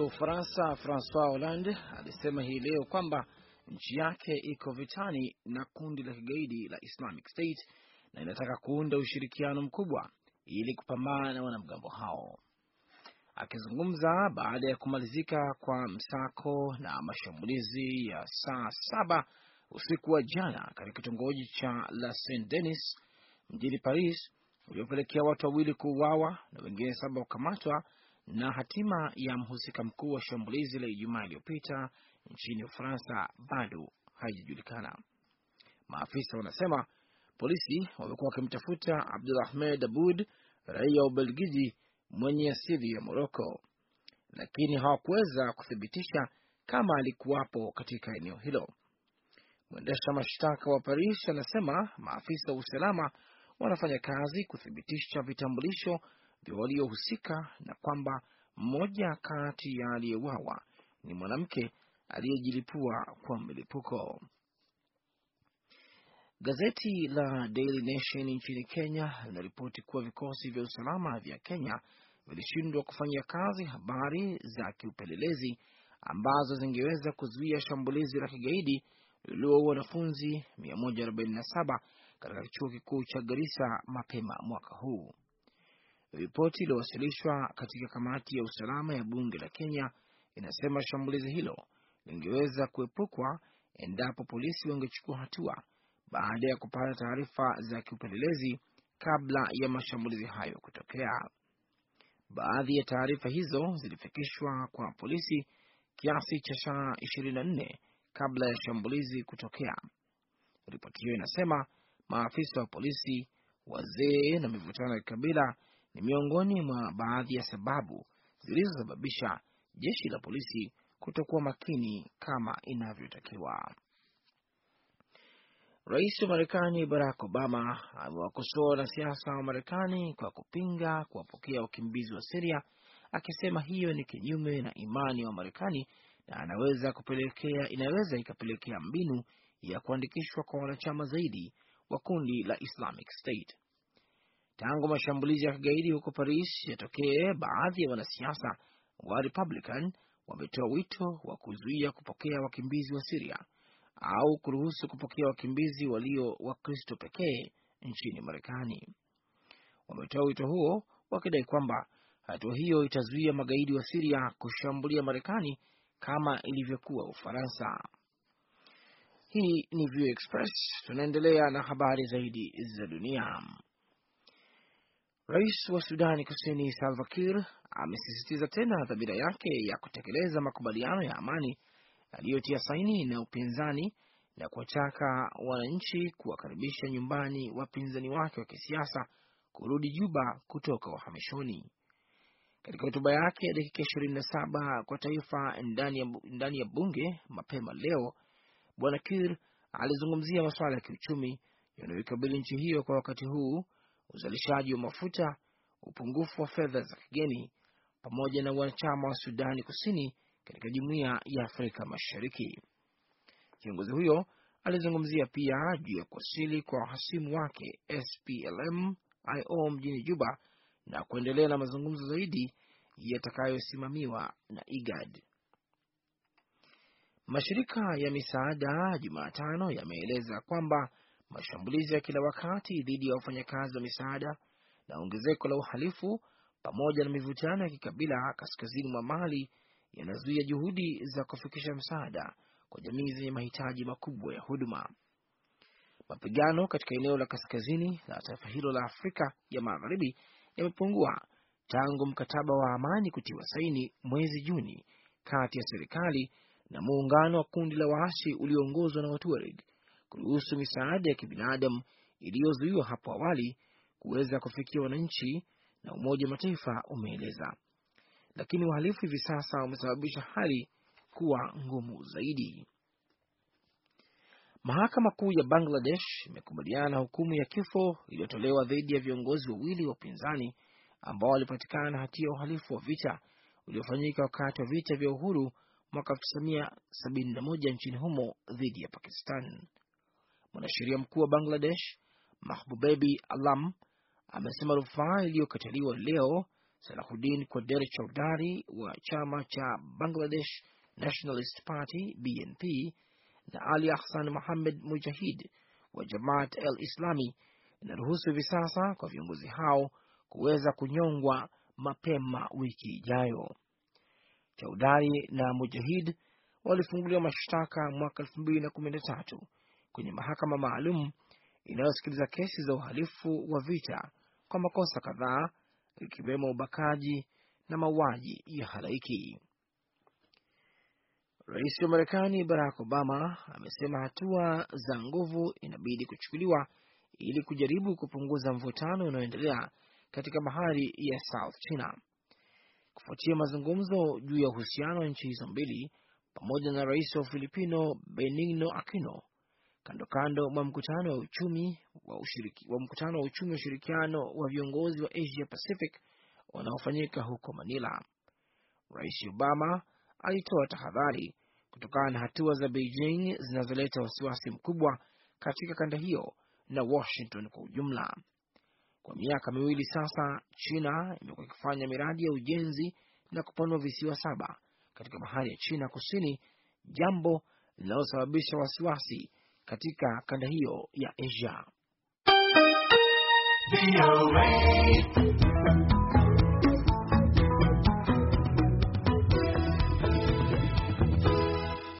wa Ufaransa Francois Hollande alisema hii leo kwamba nchi yake iko vitani na kundi la kigaidi la Islamic State na inataka kuunda ushirikiano mkubwa ili kupambana na wanamgambo hao. Akizungumza baada ya kumalizika kwa msako na mashambulizi ya saa saba usiku wa jana katika kitongoji cha La Saint Denis mjini Paris uliopelekea watu wawili kuuawa na wengine saba kukamatwa na hatima ya mhusika mkuu wa shambulizi la Ijumaa iliyopita nchini Ufaransa bado haijajulikana. Maafisa wanasema polisi wamekuwa wakimtafuta Abdulahmed Abud, raia wa Ubelgiji mwenye asili ya Moroko, lakini hawakuweza kuthibitisha kama alikuwapo katika eneo hilo. Mwendesha mashtaka wa Paris anasema maafisa wa usalama wanafanya kazi kuthibitisha vitambulisho waliohusika na kwamba mmoja kati ya aliyewawa ni mwanamke aliyejilipua kwa mlipuko. Gazeti la Daily Nation nchini Kenya linaripoti kuwa vikosi vya usalama vya Kenya vilishindwa kufanya kazi habari za kiupelelezi ambazo zingeweza kuzuia shambulizi la kigaidi lililoua wanafunzi 147 katika chuo kikuu cha Garissa mapema mwaka huu. Ripoti iliyowasilishwa katika kamati ya usalama ya bunge la Kenya inasema shambulizi hilo lingeweza kuepukwa endapo polisi wangechukua hatua baada ya kupata taarifa za kiupelelezi kabla ya mashambulizi hayo kutokea. Baadhi ya taarifa hizo zilifikishwa kwa polisi kiasi cha saa 24 kabla ya shambulizi kutokea. Ripoti hiyo inasema maafisa wa polisi, wazee na mivutano ya kikabila ni miongoni mwa baadhi ya sababu zilizosababisha jeshi la polisi kutokuwa makini kama inavyotakiwa. Rais wa Marekani Barack Obama amewakosoa wanasiasa wa Marekani kwa kupinga kuwapokea wakimbizi wa Siria, akisema hiyo ni kinyume na imani wa Marekani na anaweza kupelekea, inaweza ikapelekea mbinu ya kuandikishwa kwa wanachama zaidi wa kundi la Islamic State tangu mashambulizi ya kigaidi huko Paris yatokee, baadhi ya wanasiasa wa Republican wametoa wito wa kuzuia kupokea wakimbizi wa Siria au kuruhusu kupokea wakimbizi walio Wakristo pekee nchini Marekani. Wametoa wito huo wakidai kwamba hatua hiyo itazuia magaidi wa Siria kushambulia Marekani kama ilivyokuwa Ufaransa. Hii ni View Express, tunaendelea na habari zaidi za dunia. Rais wa Sudani Kusini Salva Kiir amesisitiza tena dhamira yake ya kutekeleza makubaliano ya amani aliyotia saini na upinzani na kuwataka wananchi kuwakaribisha nyumbani wapinzani wake wa kisiasa kurudi Juba kutoka uhamishoni. Katika hotuba yake ya dakika 27 kwa taifa ndani ya, ndani ya bunge mapema leo, Bwana Kiir alizungumzia masuala ya kiuchumi yanayoikabili nchi hiyo kwa wakati huu uzalishaji wa mafuta, upungufu wa fedha za kigeni, pamoja na wanachama wa Sudani Kusini katika Jumuiya ya Afrika Mashariki. Kiongozi huyo alizungumzia pia juu ya kuwasili kwa wahasimu wake SPLM-IO mjini Juba na kuendelea na mazungumzo zaidi yatakayosimamiwa na IGAD. Mashirika ya misaada Jumatano yameeleza kwamba mashambulizi ya kila wakati dhidi ya wafanyakazi wa misaada na ongezeko la uhalifu pamoja na mivutano ya kikabila kaskazini mwa Mali yanazuia juhudi za kufikisha msaada kwa jamii zenye mahitaji makubwa ya huduma. Mapigano katika eneo la kaskazini la taifa hilo la Afrika ya Magharibi yamepungua tangu mkataba wa amani kutiwa saini mwezi Juni kati ya serikali na muungano wa kundi la waasi ulioongozwa na Watuareg kuruhusu misaada ya kibinadamu iliyozuiwa hapo awali kuweza kufikia wananchi, na Umoja wa Mataifa umeeleza. Lakini wahalifu hivi sasa wamesababisha hali kuwa ngumu zaidi. Mahakama Kuu ya Bangladesh imekubaliana na hukumu ya kifo iliyotolewa dhidi ya viongozi wawili wa upinzani ambao walipatikana na hatia ya uhalifu wa vita uliofanyika wakati wa vita vya uhuru mwaka 1971 nchini humo dhidi ya Pakistan. Mwanasheria mkuu wa Bangladesh Mahbubebi Alam amesema rufaa iliyokataliwa leo Salahuddin Kwader Chaudhari wa chama cha Bangladesh Nationalist Party BNP na Ali Ahsan Mohamed Mujahid wa Jamaat el Islami inaruhusu hivi sasa kwa viongozi hao kuweza kunyongwa mapema wiki ijayo. Chaudhari na Mujahid walifunguliwa mashtaka mwaka elfu mbili na kumi na tatu kwenye mahakama maalum inayosikiliza kesi za uhalifu wa vita kwa makosa kadhaa ikiwemo ubakaji na mauaji ya halaiki. Rais wa Marekani Barack Obama amesema hatua za nguvu inabidi kuchukuliwa ili kujaribu kupunguza mvutano unaoendelea katika bahari ya South China kufuatia mazungumzo juu ya uhusiano wa nchi hizo mbili pamoja na rais wa Filipino Benigno Aquino kando kando mwa mkutano wa uchumi wa ushiriki, wa mkutano wa uchumi wa ushirikiano wa viongozi wa Asia Pacific unaofanyika huko Manila. Rais Obama alitoa tahadhari kutokana na hatua za Beijing zinazoleta wasiwasi mkubwa katika kanda hiyo na Washington kwa ujumla. Kwa miaka miwili sasa, China imekuwa ikifanya miradi ya ujenzi na kupanua visiwa saba katika bahari ya China Kusini, jambo linalosababisha wasiwasi katika kanda hiyo ya Asia.